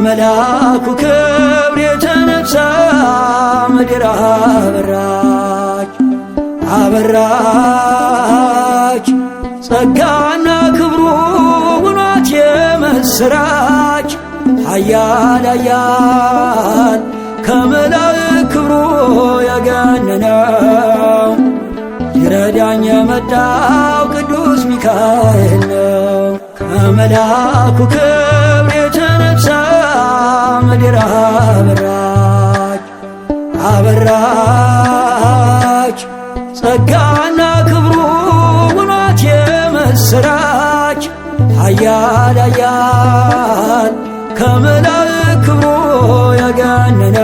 በመላኩ ክብር የተነሳ ምድር አበራች አበራች ጸጋና ክብሩ ውኗት የመስራች አያል አያል ከመላእክ ክብሩ ያገነነው ይረዳኝ የመጣው ቅዱስ ሚካኤል ነው ከመላኩ ክብር የተነሳ ምድር አበራች አበራች ጸጋና ክብሩ ውናት የመስራች አያል አያል ከመላእክት ክብሩ ያገነነ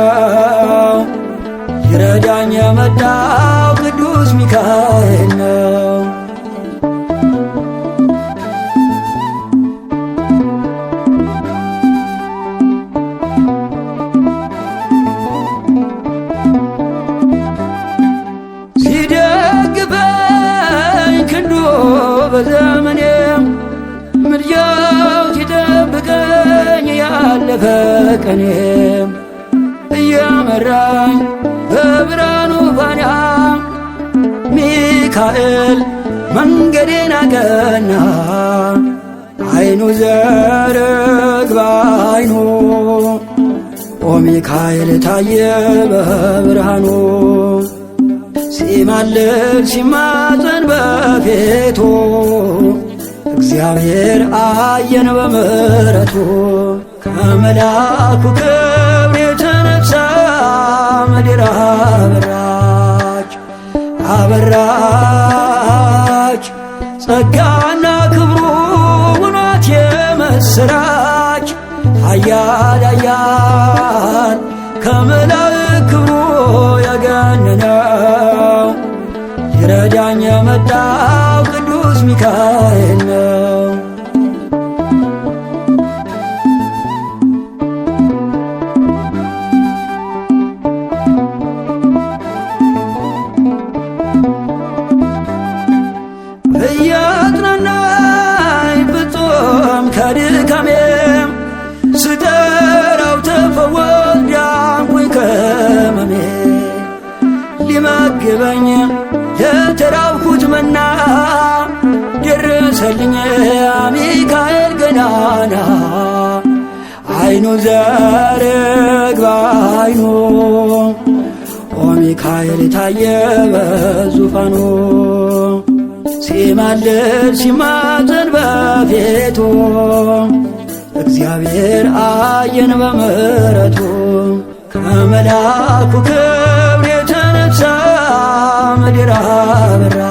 እኔም እያመራኝ በብርሃኑ ባንያ ሚካኤል መንገዴን አቀና አይኑ ዘርግ ባይኑ ኦ ሚካኤል ታየ በብርሃኑ ሲማልድ ሲማፀን በፊቱ እግዚአብሔር አየን በምሕረቱ ከመልአኩ ክብር የተነሳ ምድር አበራች አበራች ጸጋና ክብሩ ውናት የመስራች አያል አያል ከመልአክ ክብሩ ያገነነው ይረዳኝ የመጣው ቅዱስ ሚካኤል ነው። ደረሰልኝ ሚካኤል ገናና አይኑ ዘረግባይኑ ባይኑ ኦ ሚካኤል ታየ በዙፋኑ ሲማልድ ሲማዘን በፌቱ እግዚአብሔር አየን በምረቱ ከመላኩ ክብር የተነሳ ምድር አበራ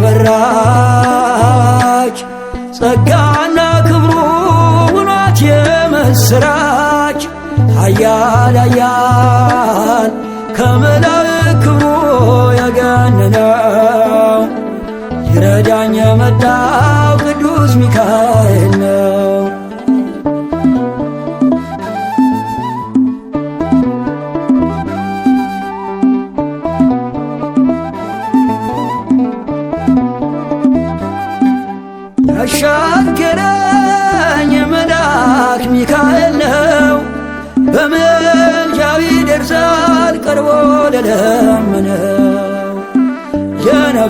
አበራች ጸጋና ክብሩ ውናት የመስራች ሀያል ሀያል ከመላእክት ክብሩ ያገነነው ይረዳኝ የመጣው ቅዱስ ሚካኤል ነው።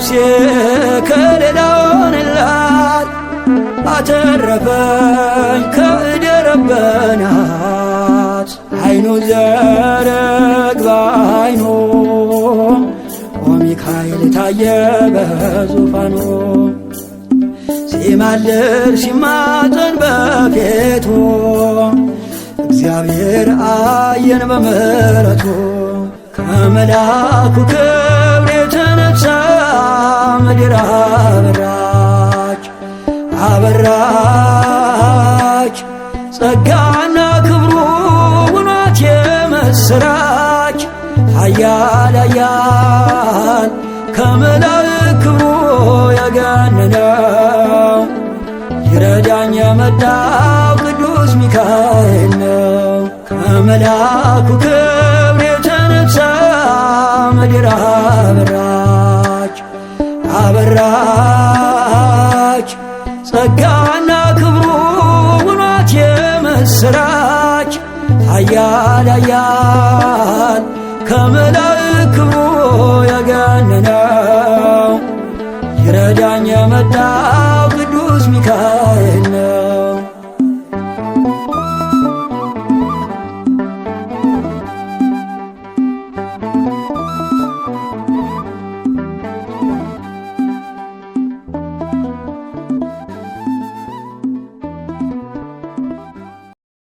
ነፍሴ ከሌላ ሆንላት አተረፈኝ ከእደረበናት አይኑ ዘረግ ባይኑ ሚካኤል ታየ በዙፋኑ ሲማልር ሲማጠን በፊቱ እግዚአብሔር አየን በምሕረቱ ከመላኩ ምድር አበራች አበራች ጸጋና ክብሩ ውናት የመስራች አያል አያል ከመላእክት ክብሩ ያጋነነው ይረዳኝ የመጣው ቅዱስ ሚካኤል ነው ከመላኩ ጸጋና ክብሩ ውናት የምስራች አያል አያል ከመላይ ክብሩ የገነነው ይረዳኝ የመጣ